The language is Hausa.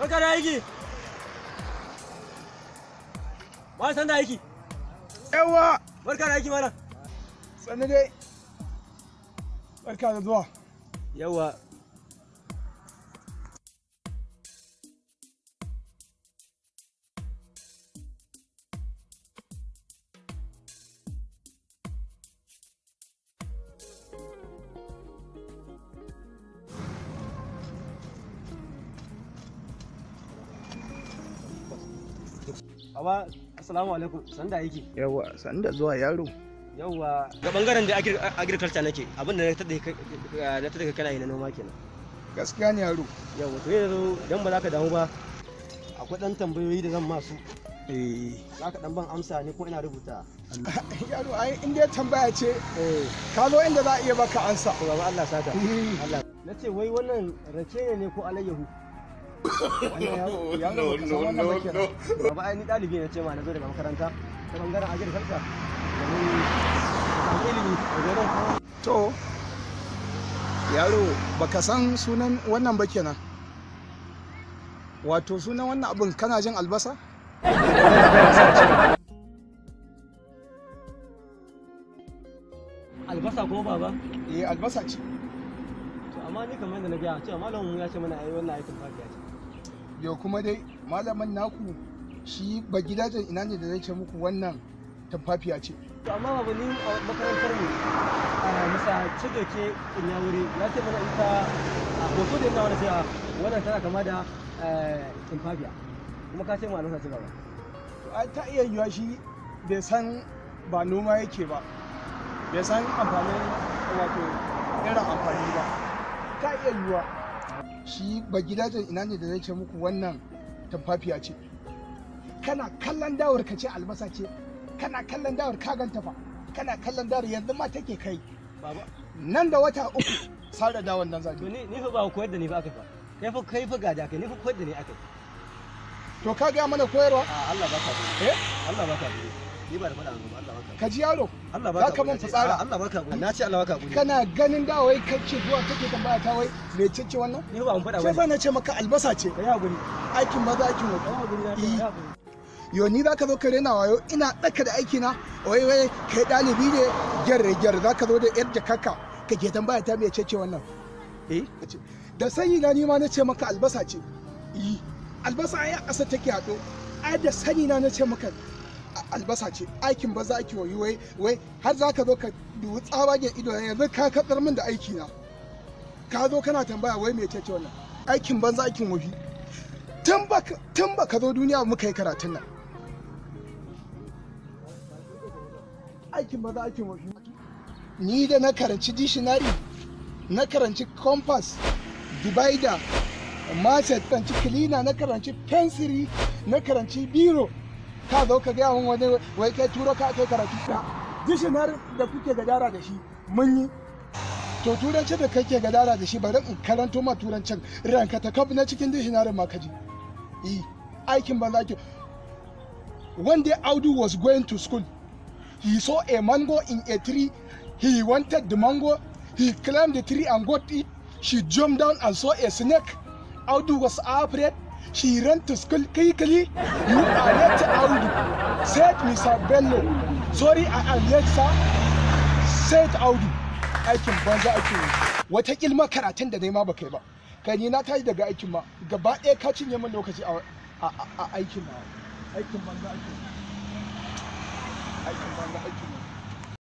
Baka da aiki. Ma san da aiki. Yawa. Barka da aiki malam. Sannu dai. Barka da zuwa. Yawa Baba, assalamu alaikum, sanda yake. Yawwa, sanda zuwa yaro. Yawwa, ga bangaren da agriculture nake, Abin da na tada kana yi na noma kenan. Gaskiya ne yaro. Yawwa, to yanzu dan ba za ka damu ba. Akwai dan tambayoyi da zan masu. Eh. Za ka dan ban amsa ne ko ina rubuta. Yaro, ai in dai tambaya ce, ka zo inda za a iya baka amsa. Baba Allah sata. Mm. Allah. Na ce wai wannan rake ne ko alayyahu? no no no no baba ai ni ɗalibi ne ce ma na zo daga makaranta ta bangaren agriculture domin samu ilimi da zai to yaro baka san sunan wannan ba kenan wato sunan wannan abin kana jin albasa albasa ko baba eh albasa ce to amma ni kamar da na gaya cewa malamin ya ce mana ayi wannan aikin fafiya ce yau kuma dai malamin naku shi ba gidajen ina ne da zai ce muku wannan tamfafiya ce amma ba ni a makarantar mu a musa cidoke inyawuri ya ce mana ita a hoto da ina wani cewa wannan tana kama da eh, tamfafiya kuma ka ce malamin sa ci gaba ta iya yiwa shi bai san ba noma yake ba bai san amfanin wato irin amfani ba ta iya yiwa shi ba gidajen ina ne da zai ce muku wannan tamfafiya ce kana kallon dawar ka ce albasa ce kana kallon dawar ka ganta fa kana kallon dawar yanzu ma take kai nan da wata uku sare da wannan zaki to ni fa ba koyar da ni ba aka fa kai fa kai fa gada kai ni fa koyar da ni aka to ka ga mana koyarwa a ah, Allah baka eh Allah baka ka ji yaro za ka man fitsara Allah baka guri na ce Allah baka guri kana ganin da wai kacce zuwa take tambaya ta wai me cece wannan ni ba mun faɗa ba sai na ce maka albasa ce ya guri aikin maza aikin wata eh. yo ni za ka zo ka rena wayo ina daka da aiki na wai wai kai dalibi ne gyarre gyarre za ka zo da yar jakaka kake ke tambaya ta me cece wannan eh da sanyi na ni ma na ce maka albasa ce eh. albasa ai a ƙasa take haɗo ai da sanyi na na ce maka albasa ce aikin ba za ki wai wai har za ka zo ka dubi tsabagen ido yanzu ka katsar min da aiki na ka zo kana tambaya wai me ce wannan aikin banza aikin wafi tun ba ka zo duniya muka yi karatun nan aikin banza aikin wafi ni da na karanci dishinari na karanci compass divider maset karanci cleaner na karanci pensiri na karanci biro ka zo ka gaya min wani wai kai turo ka kai karatu ka dishinar da kuke gadara da shi mun yi to turanci da kake gadara da shi bari in karanto ma turancin ranka ta kafa na cikin dishinarin ma ka ji yi e, aikin banza ki one day audu was going to school he saw a mango in a tree he wanted the mango he climbed the tree and got it she jumped down and saw a snake audu was afraid she ran to school quickly. You are late, Audu, said Mr. Bello. Sorry, a am late, audi Aikin banza aikin wata ilma karatun da dai ma baka yi ba. Kai na tashi daga aikin ma gaba ɗaya ka cinye min lokaci a aikin ma. Aikin banza aikin. Aikin banza aikin.